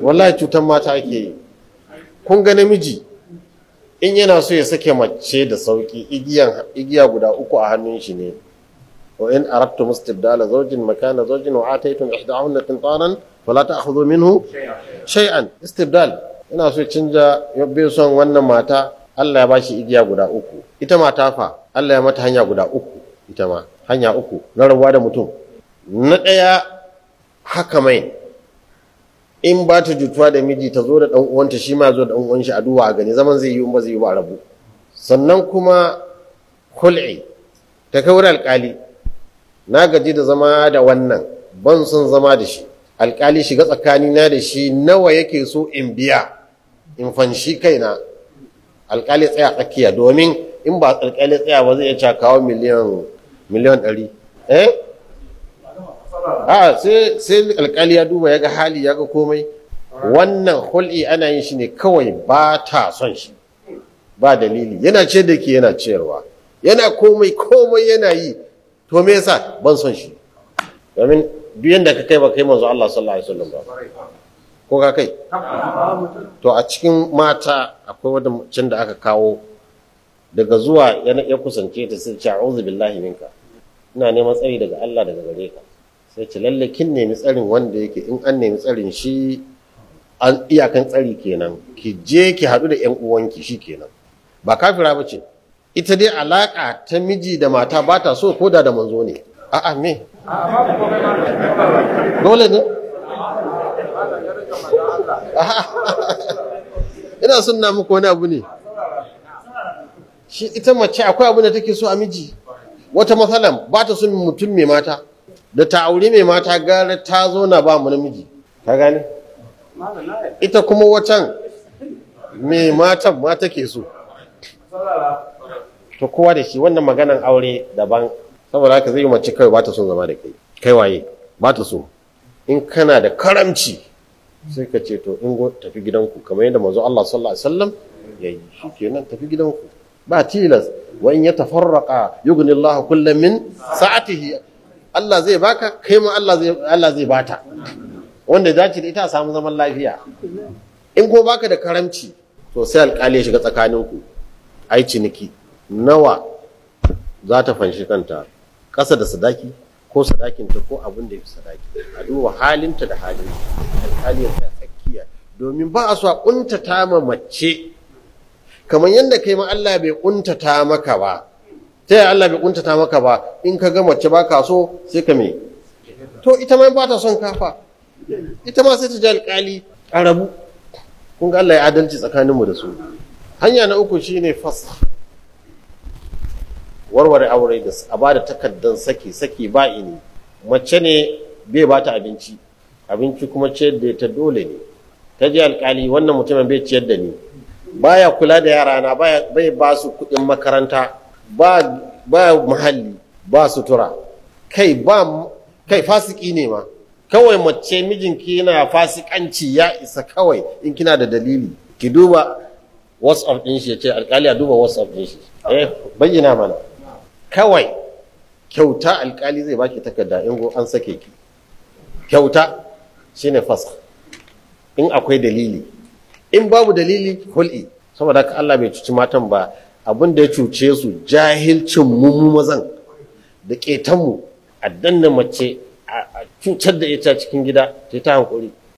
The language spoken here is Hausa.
wallahi cutar mata ake yi kun ga namiji in yana so ya sake mace da sauki igiya guda uku a hannun shi ne wa in arabtum istibdala zawjin makana zawjin wa ataytum ihdahunna qintaran fala ta'khudhu minhu shay'an istibdal ina so canja yobbe son wannan mata Allah ya bashi igiya guda uku ita mata fa Allah ya mata hanya guda uku ita ma hanya uku na rabuwa da mutum na ɗaya haka mai in ba ta jutuwa da miji ta zo da dan uwanta shi ma zo da dan shi a duwa a gani zaman zai yi ba zai yi ba rabu sannan kuma kul'i ta kawar alkali na gaji da zama da wannan ban son zama da shi alkali shiga tsakani na da shi nawa yake so in biya in fanshi kaina alkali tsaya tsakiya domin in ba alkali tsaya ba zai iya cakawa miliyan miliyan ɗari eh A'a, sai sai alkali ya duba ya ga hali ya ga komai wannan hul'i ana yin shi ne kawai ba ta son shi ba dalili yana ce da ke yana ciyarwa yana komai komai yana yi to me yasa ban son shi domin duk yanda ka kai ba kai manzo Allah sallallahu alaihi wasallam ba ko ka kai to a cikin mata akwai wanda can da aka kawo daga zuwa ya kusance ta sai ta a'udhu billahi minka ina neman tsayi daga Allah daga gare ka sai ce lalle kin nemi tsarin wanda yake in an nemi tsarin shi an iyakan tsari kenan ki je ki haɗu da 'yan uwanki shi kenan ba kafira ba ce ita dai alaƙa ta miji da mata ba ta so ko da da manzo ne a'a me dole ne ina sunna muku wani abu ne shi ita mace akwai abu da take so a miji wata matsalan ba ta son mutum mai mata da ta aure mai mata gara ta zo na ba mu namiji ka gane ita kuma wacan mai matan ma take so to kowa da shi wannan maganan aure daban saboda haka zai yi mace kai ba ta son zama da kai kai waye ba ta so in kana da karamci sai ka ce to in go tafi gidanku kamar yadda manzo Allah sallallahu alaihi wasallam yayi shikenan tafi gidanku ba tilas wa in yatafarraqa yughni Allah sa'atihi Allah zai baka kai ma Allah zai bata wanda ya dace da ita a samu zaman lafiya in ko baka da karamci to sai alƙali ya shiga tsakaninku ai ciniki nawa za ta fanshi kanta ƙasa da sadaki ko sadakinta ko abin da ya fi sadaki a duba halinta da halin alƙali ya tsakiya domin ba a so a ƙuntata ma mace kamar yadda kai ma Allah bai ƙuntata maka ba ta yi Allah bai kuntata maka ba in ka ga mace ba ka so sai ka me to ita ma ba ta son kafa ita ma sai ta ji alƙali a rabu kun ga Allah ya adalci tsakaninmu da su hanya na uku shine fasa warware aure da a ba da takaddan saki saki ba ini mace ne bai ba ta abinci abinci kuma ce da ta dole ne ta ji alƙali wannan mutumin bai ciyar da ni baya kula da yarana bai ba su kuɗin makaranta ba muhalli ba sutura kai ba kai fasiki ne ma kawai mace mijinki yana fasikanci ya isa kawai in kina da dalili ki duba whatsapp din shi ya alkali a duba whatsapp din shi eh bayyana mana kawai kyauta alkali zai baki takarda in go an sake ki kyauta shine fasa in akwai dalili in babu dalili hul'i saboda ka Allah bai cuci matan ba abin da ya cuce su jahilcin mu mazan da ƙetanmu a danna mace a cutar da ita cikin gida ta yi ta hankuri